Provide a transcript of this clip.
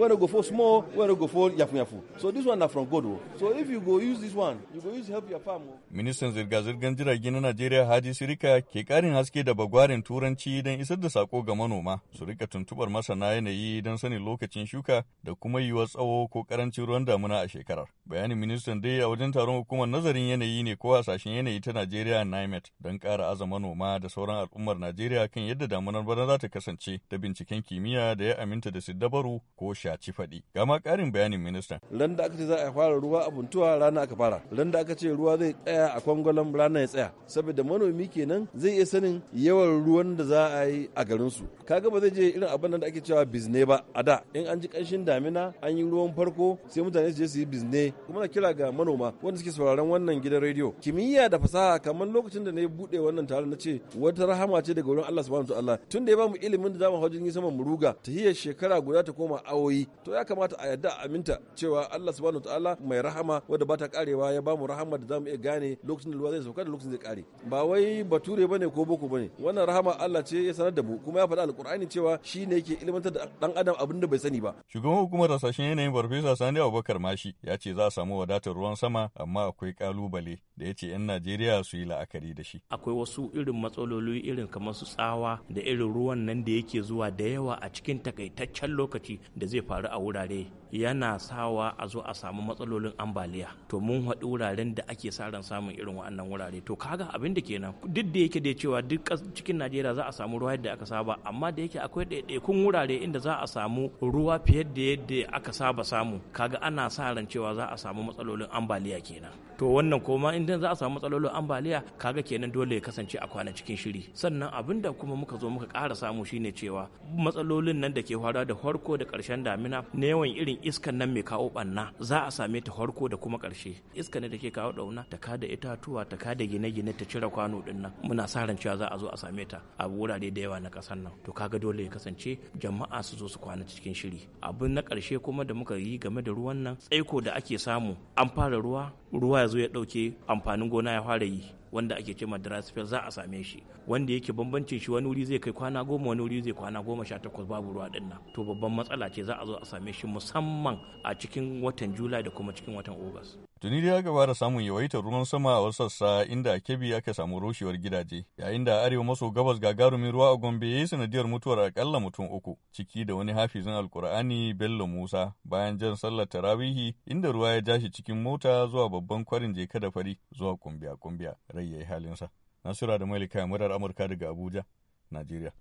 When go for small, when go for yafu yafu. So this one na from God. Oh. So if you go use this one, you go use help your farm. Oh. Ministan zirga-zirgar jiragen na Najeriya Hadi Sirika ke karin haske da bagwarin turanci don isar da sako ga manoma su rika tuntubar masana yanayi don sanin lokacin shuka da kuma yiwuwar tsawo ko karancin ruwan damuna a shekarar. Bayanin ministan dai a wajen taron hukumar nazarin yanayi ne ko hasashen yanayi ta Najeriya NIMET don kara aza manoma da sauran al'ummar Najeriya kan yadda damunar bana za ta kasance ta binciken kimiyya da ya aminta da siddabaru ko sha shaci faɗi. ma ƙarin bayanin ministan. Ran da aka ce za a fara ruwa a buntuwa rana aka fara. Ran da aka ce ruwa zai tsaya a kwangwalan rana ya tsaya. Saboda manomi kenan zai iya sanin yawan ruwan da za a yi a garin su. Kaga ba zai je irin abin da ake cewa bizne ba a da. In an ji ƙanshin damina an yi ruwan farko sai mutane su je su yi bizne. Kuma na kira ga manoma wanda suke sauraron wannan gidan rediyo. Kimiyya da fasaha kamar lokacin da na buɗe wannan taron na ce wata rahama ce daga wurin Allah subhanahu wa ta'ala. Tun da ya bamu ilimin da zamu hau jirgin sama mu ruga tahiyar shekara guda ta koma awoyi yi to ya kamata a yarda aminta cewa Allah subhanahu wataala mai rahama ba bata karewa ya ba mu rahama da zamu iya gane lokacin da ruwa zai sauka da lokacin zai kare ba wai bature bane ko boko bane wannan rahama Allah ce ya sanar da mu kuma ya faɗa alkur'ani cewa shine yake ilmantar da dan adam abin da bai sani ba shugaban hukumar hasashen yanayin farfesa Sani Abubakar Mashi ya ce za a samu wadatar ruwan sama amma akwai kalubale da ya ce 'yan Najeriya su yi la'akari da shi. Akwai wasu irin matsaloli irin kamar su tsawa da irin ruwan nan da yake zuwa da yawa a cikin takaitaccen lokaci da zai faru a wurare yana sawa a zo a samu matsalolin ambaliya. To mun haɗu wuraren da ake sa ran samun irin waɗannan wurare. To kaga abin da kenan duk da yake da cewa duk cikin Najeriya za a samu ruwa yadda aka saba amma da yake akwai ɗaiɗaikun wurare inda za a samu ruwa fiye da yadda aka saba samu kaga ana sa ran cewa za a samu matsalolin ambaliya kenan. To wannan koma in idan za a samu matsalolin ambaliya kaga kenan dole ya kasance a kwana cikin shiri sannan abin da kuma muka zo muka ƙara samu shine cewa matsalolin nan da ke fara da farko da ƙarshen damina na yawan irin iskan nan mai kawo banna za a same ta farko da kuma ƙarshe iska ne da ke kawo ɗauna ta kada itatuwa ta kada gine-gine ta cire kwano ɗin nan muna sa ran cewa za a zo a same ta a wurare da yawa na ƙasar nan to kaga dole ya kasance jama'a su zo su kwana cikin shiri abin na ƙarshe kuma da muka yi game da ruwan nan tsaiko da ake samu an fara ruwa ruwa ya zo ya ɗauke amfanin gona ya fara yi wanda ake dry spell za a same shi wanda yake bambancin shi wani wuri zai kai kwana goma wani wuri zai kwana goma sha takwas babu ruwa din to babban matsala ce za a zo a same shi musamman a cikin watan july da kuma cikin watan august. tuni dai gaba da samun yawaitar ruwan sama a wasu sassa inda a kebi aka samu rushewar gidaje yayin da arewa maso gabas gagarumin ruwa a gombe ya yi sanadiyar mutuwar akalla mutum uku ciki da wani hafizin alkur'ani bello musa bayan jan sallar tarawihi inda ruwa ya ja shi cikin mota zuwa babban kwarin jeka da fari zuwa kumbiya kumbiya rai ya yi halinsa. Nasiru da Malika murar Amurka daga Abuja, Najeriya.